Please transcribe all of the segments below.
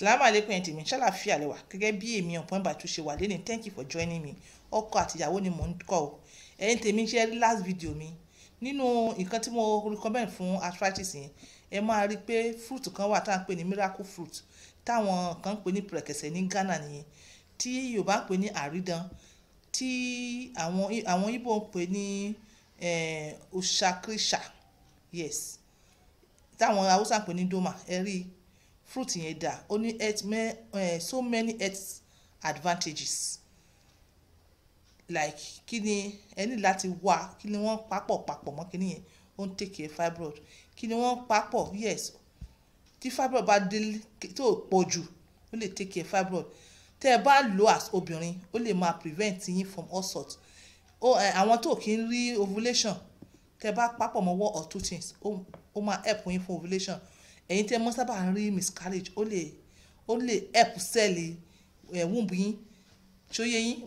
salamu aleykum ẹ̀ tèmi ṣàlàfíà lẹ́wà gẹ́gẹ́ bí èmi ọ̀pọ̀ ìgbà tó ṣe wà lẹ́ni thank you for joining me ọkọ àtìyàwó ni mò ń kọ́ ọ ẹ̀yin tèmi ṣe last video mi nínú nǹkan tí mo recommend fún arthritis yẹn ẹ máa rí i pé fruit kan wà tá pè ní miracle fruit táwọn kan pè ní pẹ̀rẹ̀kẹ̀sẹ̀ ní Ghana nìyẹn tí Yorùbá ń pè ní àrídán tí àwọn Ìgbò ń pè ní òṣàkíṣà yes táwọn Haúsá ń pè ní doma ẹ rí i fruit yẹn dà ó ní health eh, so many health advantages like kí ni ẹ ní láti wá kí ni wọ́n papọ̀ papọ̀ mọ́ kí ni yẹn ó ń take care fibroid kí ni wọ́n papọ̀ yes tí fibroid bá dé tó pọ̀ jù ó lè take care fibroid tẹ́ ẹ bá lò as obìnrin ó lè máa prevent yín from all sorts eh, àwọn tó kì í rí ovulation tẹ́ ẹ bá papọ̀ mọ́ one or two things ó máa help yín fún ovulation ẹ̀yin tẹ́ mọ́ sábà ń rí miscarriage ó lè ó lè help cell ẹ̀ eh, wúńbù yín tí ó yẹ yín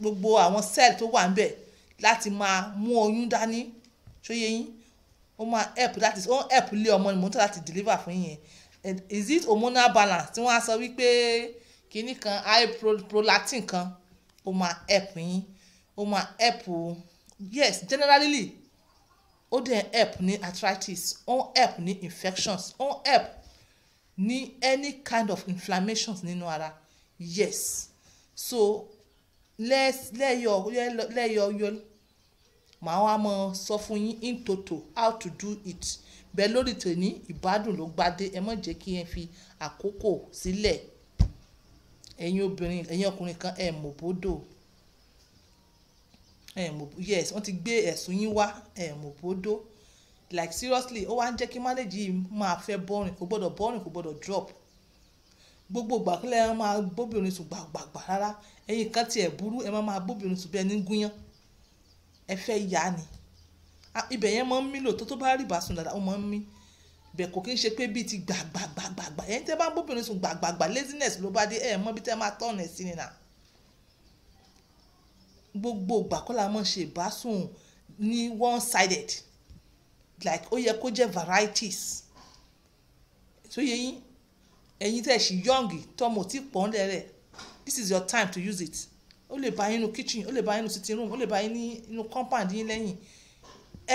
gbogbo àwọn cell tó wà níbẹ̀ láti máa mú oyún dání tí ó yẹ yín ó máa help that is ó ń help lé ọmọ ni mo ń láti deliver fún yín yẹn is it hormonal balance tí wọ́n á sọ wípé kínní kan high prolactin kan ó máa help yín ó máa help yes generally ó dẹ̀ help ní arthritis ó help ní infections ó help ní any kind of inflammations nínú ara yes so lẹ́yọ̀ lẹ́yọ̀ yọ màá wá mọ sọ fún yín in toto how to do it bẹ́ẹ̀ lórí tèmi ìbádùn ló gbadé ẹ má jẹ́ kí ẹ fi àkókò sílẹ̀ ẹ̀yin obìnrin ẹ̀yin ọkùnrin kan ẹ̀ mọ̀ bódò. Eh, yes wọ́n ti gbé ẹ̀sùn yín wá eh, mọ̀bódó like seriously ó wá ń jẹ́ kí manage yìí máa fẹ́ boring kò gbọ́dọ̀ boring kò gbọ́dọ̀ drop gbogbo gbàkúlẹ̀ ẹ máa bóbìnrin sùn gbàgbàgbà rárá ẹ̀yin kan tiẹ̀ burú ẹ máa bóbìnrin sùn bí ẹni gúnyán ẹ fẹ́ yá ni ibẹ̀ yẹn máa ń mí lò tó tó bá rí ìbásùn dáadáa ó máa ń mí bẹ̀ kò kí n ṣe pé bíi ti gbàgbàgbàgbà ẹ̀yin tẹ́ bá ń bóbìnrin sùn gbàgbàgbà laziness ló bá dé ẹ̀ mọ́ bí tẹ́ máa tọ̀nà sí ni náà gbogbo ìgbà kọ́ la máa ṣe ìbásùn ní one sided like ó yẹ kó jẹ́ varieties tó yẹ yín ẹ̀yin tẹ̀ ṣì young tọmọ tí pọ̀ ń lẹ̀rẹ̀ this is your time to use it ó lè bá yín nu kitchen ó lè bá yín nu sitting room ó lè bá yín ní inú compound yín lẹ́yìn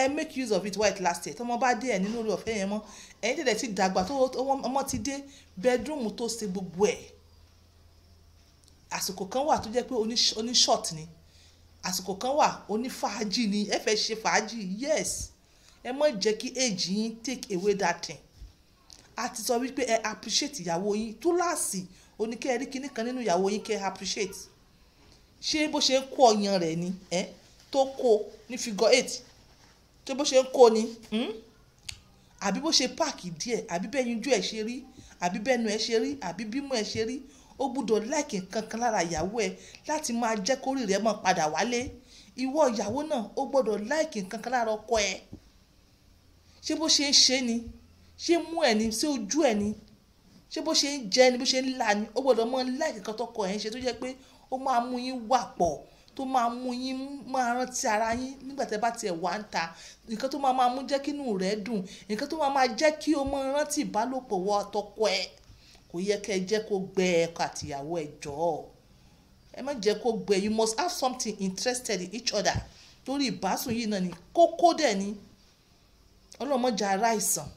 ẹ make use of it while it lasted tọmọ bá dé ẹ nínú orí ọ̀fẹ́ yẹn mọ́ ẹ̀yin tẹ̀lẹ̀ ti dàgbà tó ọmọ ti dé bedroom tó ṣe gbogbo ẹ̀ àsìkò kan wà tó jẹ́ pé oní short ni àsìkò kan wà onífàájì ni ẹ fẹ́ ṣe fàájì yes ẹ má jẹ́ kí èjì yín take away that thing a ti sọ wípé ẹ appreciate ìyàwó yín túláàsì oníkẹ́rí kinní kan nínú ìyàwó yín kẹ́ ẹ appreciate ṣé bó ṣe ń kó ọyàn rẹ̀ ni ẹ tó kó ní figure eight ṣé bó ṣe ń kó ni hmm? àbí bó ṣe páàkì díẹ̀ àbí bẹ́ẹ̀ yín ojú ẹ̀ ṣe rí àbí bẹ́ẹ̀ nu ẹ̀ ṣe rí àbí bímú ẹ̀ ṣe rí ó gbúdọ̀ láìkì kankan lára ìyàwó ẹ láti máa jẹ́ kórì rẹ mọ̀ padà wálé ìwọ ìyàwó náà ó gbọ́dọ̀ láìkì kankan lára ọkọ ẹ ṣé bó ṣe ń ṣe ni ṣé mú ẹ ni ṣé ojú ẹ ni ṣé bó ṣe ń jẹ ni bó ṣe ń là ni ó gbọ́dọ̀ mọ láìkì kan tọkọ ẹ ń ṣe tó jẹ́ pé ó máa mú yín wà pọ̀ tó máa mú yín máa rántí ara yín nígbà tẹ́ bá tiẹ̀ wá ń ta nǹkan tó máa máa mú jẹ́ kínú rẹ̀ dùn nǹkan tó máa máa jẹ́ kí o máa rántí ìbálòpọ̀ wọ àtọkọ ẹ̀ kò yẹ kẹ́ ẹ jẹ́ kó gbẹ ẹ̀kọ́ àtìyàwó ẹ ẹ má jẹ́ kó gbẹ you must have something interested in each other torí ìbásùn yìí náà ni kókó dẹ̀ ni ọlọ́mọjà ara ìsàn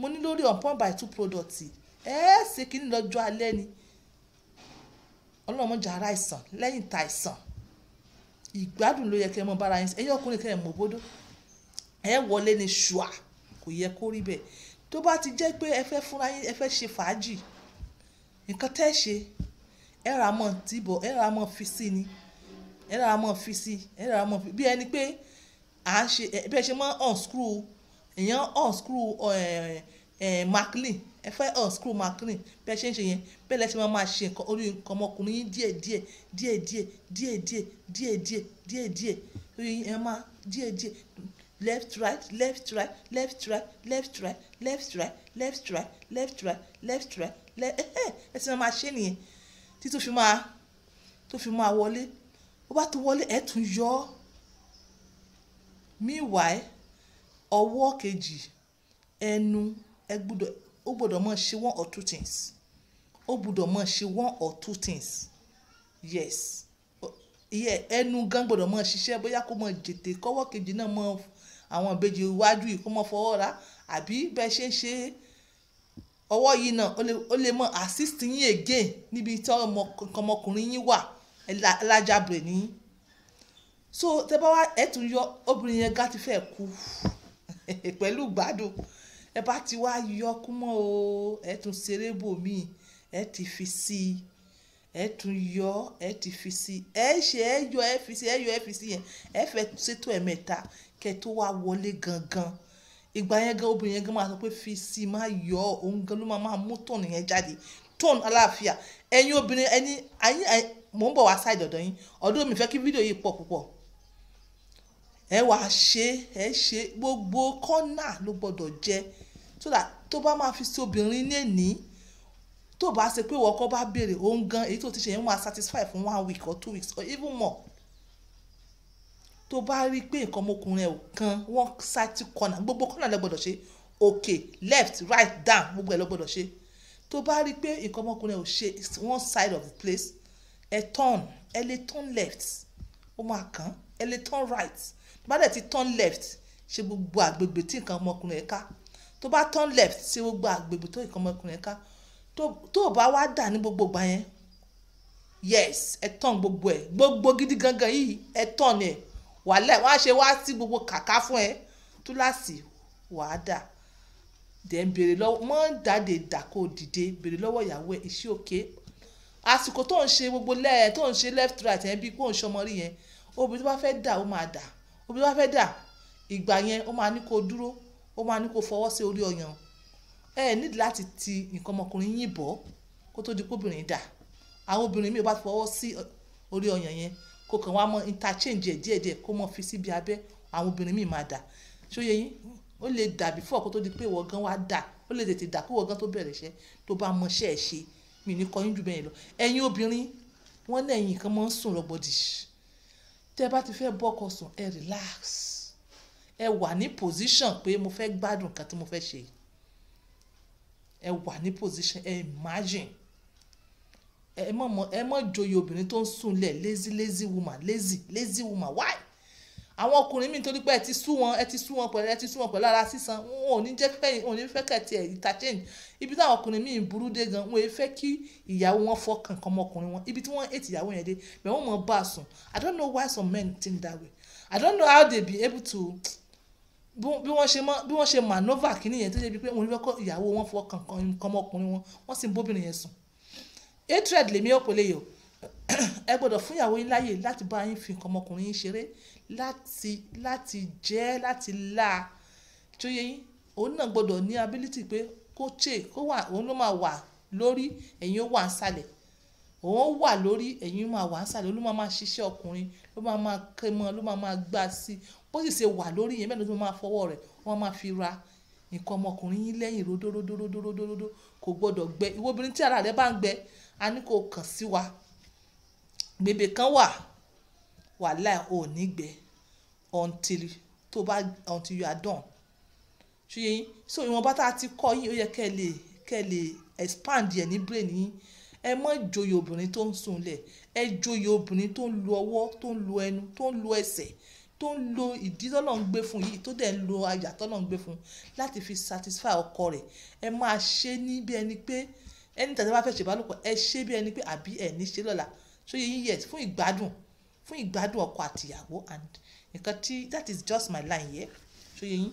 mo ní lórí upon by two product ẹ ẹ́ ṣe kínní lọ́jọ́ alẹ́ ni ọlọ́mọjà ara ìsàn lẹ́yìn ta ìsàn ìgbádùn ló yẹ kẹ́ ẹ mọ bára yín ẹ̀yin ọkùnrin kẹ́ ẹ mọ̀ bódó ẹ wọlé ní ṣùà kò yẹ kó rí bẹ́ẹ̀ tó bá ti jẹ́ pé ẹ fẹ́ fúnra yín ẹ fẹ́ ṣe fàájì nǹkan tẹ́ ṣe ẹ rà mọ̀ tìbọ̀ ẹ rà mọ̀ fi sí ni ẹ rà mọ̀ fi sí ẹ rà mọ̀ fi bí ẹni pé à ń ṣe bí ẹ ṣe mọ́ unscrew èèyàn unscrew maclean ẹ fẹ́ unscrew maclean bí ẹ ṣe ń ṣe yẹn bẹ́ẹ̀ lẹ́sẹ̀ máa máa ṣe nǹkan orí nǹkan ọmọkùnrin yín díẹ̀ díẹ̀ díẹ̀ díẹ̀ díẹ̀ díẹ̀ díẹ̀ díẹ̀ díẹ̀ díẹ̀ orí yín ẹ máa díẹ̀ díẹ̀ left right left right left right left right left right left right left right left right lẹ ẹ ẹ ẹ ti máa ṣe nìyẹn tí tó fi máa tó fi máa wọlé ó bá tó wọlé ẹ tún yọ ọ meanwhile ọwọ́ kejì ẹnu ẹ gbọ́dọ̀ ó gbọ́dọ̀ máa ṣe one or two things ó gbọ́dọ̀ máa ṣe one or two things yes ìyẹ ẹnu gan gbọ́dọ̀ máa ṣiṣẹ́ bóyá kó máa jètè kọ́wọ́ kejì náà máa àwọn ìbejì iwájú yìí kó máa fọwọ́ ra àbí bẹ́ẹ̀ ṣe ń ṣe é ọwọ́ yìí náà ó lè mọ assist yín again níbi tí ọmọkùnrin yín wà alájàbìrè ní so tẹ bá wá ẹ tún yọ obìnrin yẹn gá ti fẹ́ kú pẹ̀lú gbádùn ẹ bá ti wá yọ kú mọ́ o ẹ tún ṣeré bò míì ẹ ti fi sí i ẹ tún yọ ẹ ti fi sí i ẹ ṣe ẹ yọ ẹ fi sí ẹ yọ ẹ fi sí yẹn ẹ fẹ́ ṣètò ẹ̀mẹ́ta kẹ́ tó wá wọlé gangan ìgbà yẹn gan obìnrin yẹn gan máa sọ pé fi sí i máa yọ ọ òun gan ló máa máa mú tọ̀nù yẹn jáde tọ̀nù aláàfíà ẹ̀yin obìnrin ẹni ẹ̀yin mò ń bọ̀ wá sáì dọ̀dọ̀ yín ọdún mi fẹ́ kí fídíò yìí pọ̀ púpọ̀ ẹ wá ṣe ẹ ṣe gbogbo kọ́nà ló gbọ́dọ̀ jẹ so that tó bá máa fi sí obìnrin ní èní tó bá ṣe pé wọ́n kọ́ bá béèrè òun gan èyí tó ti ṣe yẹn máa satisfy fún one week or two weeks or even more tó bá rí i pé nǹkan ọmọkùnrin ẹ̀ ò kan wọ́n sátì kọ́nà gbogbo kọ́nà lẹ gbọ́dọ̀ ṣe òkè left right down gbogbo ẹ̀ lọ gbọ́dọ̀ ṣe tó bá rí i pé nǹkan ọmọkùnrin ẹ̀ ò ṣe one side of the place ẹ turn ẹ lè turn left ó máa kàn ẹ lè turn right bá dẹ̀ ti turn left ṣe gbogbo àgbègbè tí nǹkan ọmọkùnrin ẹ̀ ká tó bá turn left ṣe gbogbo àgbègbè tó nǹkan ọmọkùnrin ẹ̀ ká tó bá wá dà ní gbogbo ìgbà yẹn yes ẹ turn gbogbo ẹ gbogbo gidi gangan yìí ẹ turn ẹ wàhálà wọn á ṣe wá sí gbogbo kàkà fún ẹ túláàsì wàá dà then béèrè lọ́wọ́ mọ́ ń dàdé dàkó dìde béèrè lọ́wọ́ ìyàwó ẹ̀ iṣẹ́ òkè àsìkò tó ń ṣe gbogbo lẹ́ẹ̀ tó ń ṣe left right ẹ̀ bí kò ń ṣọmọ rí yẹn obìnrin tó bá fẹ́ dà ó máa dà obìnrin tó bá fẹ́ dà ìgbà yẹn ó máa ní kó dúró ó máa ní kó fọwọ́ sí orí ọyàn ẹ nídìí láti ti nǹkan ọmọkùnrin yín bọ́ kó tó di kóbìnrin dà àwọn obìnrin míì bá fọwọ́ sí orí ọyàn yẹn kó kàn wá mọ interchange ẹ̀ díẹ̀díẹ̀ kó mọ fi síbi abẹ́ àwọn obìnrin míì máa dà ṣó yín ó lè dà before kó tó di pé ìwọ gan wá dà ó lè tètè dà kó ìwọ gan tó bẹ̀rẹ̀ iṣẹ́ tó bá mọṣẹ́ ẹ̀ ṣe mi ní kọyún jù bẹ́ẹ̀ lọ ẹ̀yin obìnrin wọ́n lẹ́yìn kan máa ń sùn rọ́gbọ́dì tẹ́ bá ti fẹ́ bọ́kọ sùn ẹ relax ẹ wà ní position pé mo fẹ́ gbádùn kan tí mo fẹ́ ṣe ẹ wà ní position ẹ imagine ẹ mọ̀ mọ̀ ẹ mọ̀ joyè obìnrin tó ń súnlẹ̀ lazy lazy woman lazy lazy woman why àwọn ọkùnrin míì torí pé ẹ ti sú wọn ẹ ti sú wọn pẹ̀lú ẹ ti sú wọn pẹ̀lú ara sísan wọn ò ní jẹ́ fẹ́yìn wọn ò ní fẹ́ kẹ̀tì ẹ̀ interchange ibi táwọn ọkùnrin míì burú dé gan wọn ò fẹ́ kí ìyàwó wọn fọkàn kan ọmọkùnrin wọn ibi tí wọ́n ètì ìyàwó yẹn dé bẹ̀ wọ́n mọ̀ bá a sùn I don't know why some men think that way I don't know how they be able to bí wọ́n ṣe mọ́ bí wọ́n ṣe manova kìíní yẹn tó ṣe bí pé òun fẹ́ kọ́ ìyàwó wọn fọkàn kan ọmọkùnrin wọn wọ́n sì ń bóbìnrin yẹn sùn hatred lèmi ò kò lè yọ ẹ gbọ́dọ̀ fún ìyàwó yín láàyè láti bá yín fi nǹkan ọmọkùnrin yín ṣeré láti láti jẹ́ láti là á tó yẹ yín òun náà gbọ́dọ̀ ní ability pé kó chè kó wà òun ló máa wà lórí ẹ̀yin ó wà ń sàlẹ̀ òun wà lórí ẹ̀yin máa wà ń sàlẹ̀ ló máa ṣiṣẹ́ ọkùnrin ló máa máa kẹ́ ló máa máa gbá sí bó sì ṣe wà lórí yẹn bẹ́ẹ̀ ló máa fọwọ́ rẹ̀ wọ́n máa fi ra nǹkan ọmọkùnrin yín lẹ́yìn ródóródóródóródó kò gbọ́dọ̀ gbẹ ìwọ obìnrin tí ara rẹ bá ń gbẹ a ní kò kàn sí wa bèbè kan wà wàhálà ò ní gbẹ until tó bá until you are done ṣùgbọ́n yín so ìwọ̀nba tá a ti kọ́ yín ó yẹ kẹ́ ẹ lè kẹ́ ẹ lè expand yẹn ní brain yín ẹ má joyè obìnrin tó ń sunlẹ̀ ẹ joyè obìnrin tó ń lo ọwọ́ tó ń lo ẹnu tó ń lo ẹsẹ̀ tó ń lo ìdí tọ́lọ̀ ń gbé fún yìí tó dẹ̀ ń lo àyà tọ́lọ̀ ń gbé fún láti fi satisfy ọkọ rẹ̀ ẹ máa ṣe ní bí ẹni pé ẹni tàbí bá fẹ́ ṣèbálòpọ̀ ẹ ṣe bí ẹni pé àbí ẹ ní ṣe lọ́la so yẹ yíyẹ fún ìgbádùn fún ìgbádùn ọkọ àtìyàwó and nǹkan tí that is just my line here so yẹ yín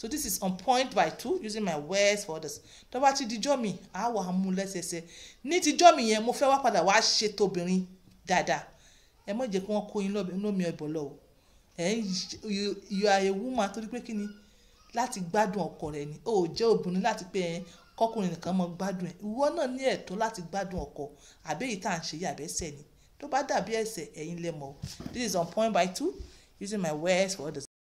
so this is on point by two using my words for others tó bá ti dijọ́ mi á wà á mú lẹ́sẹsẹ ní tijọ́ mi yẹn mo fẹ́ wá padà wá ṣe tóbìnrin dáadáa ẹ mọ̀ jẹ́ kí wọ́n kó yín lómi ọbọ̀ lọ́wọ́ ẹ you you are a woman torí pé kí ni láti gbádùn ọkọ rẹ ni o jẹ́ obìnrin láti pé ẹ kọkùnrin nìkan mọ gbádùn ẹ ìwọ náà ní ẹ̀tọ́ láti gbádùn ọkọ àbẹ yìí tá à ń ṣe yàbẹ ẹ̀ṣẹ̀ ni tó bá dàbí ẹ̀ṣẹ̀ ẹ̀yin lẹ mọ̀ this is on point by two using my words for others.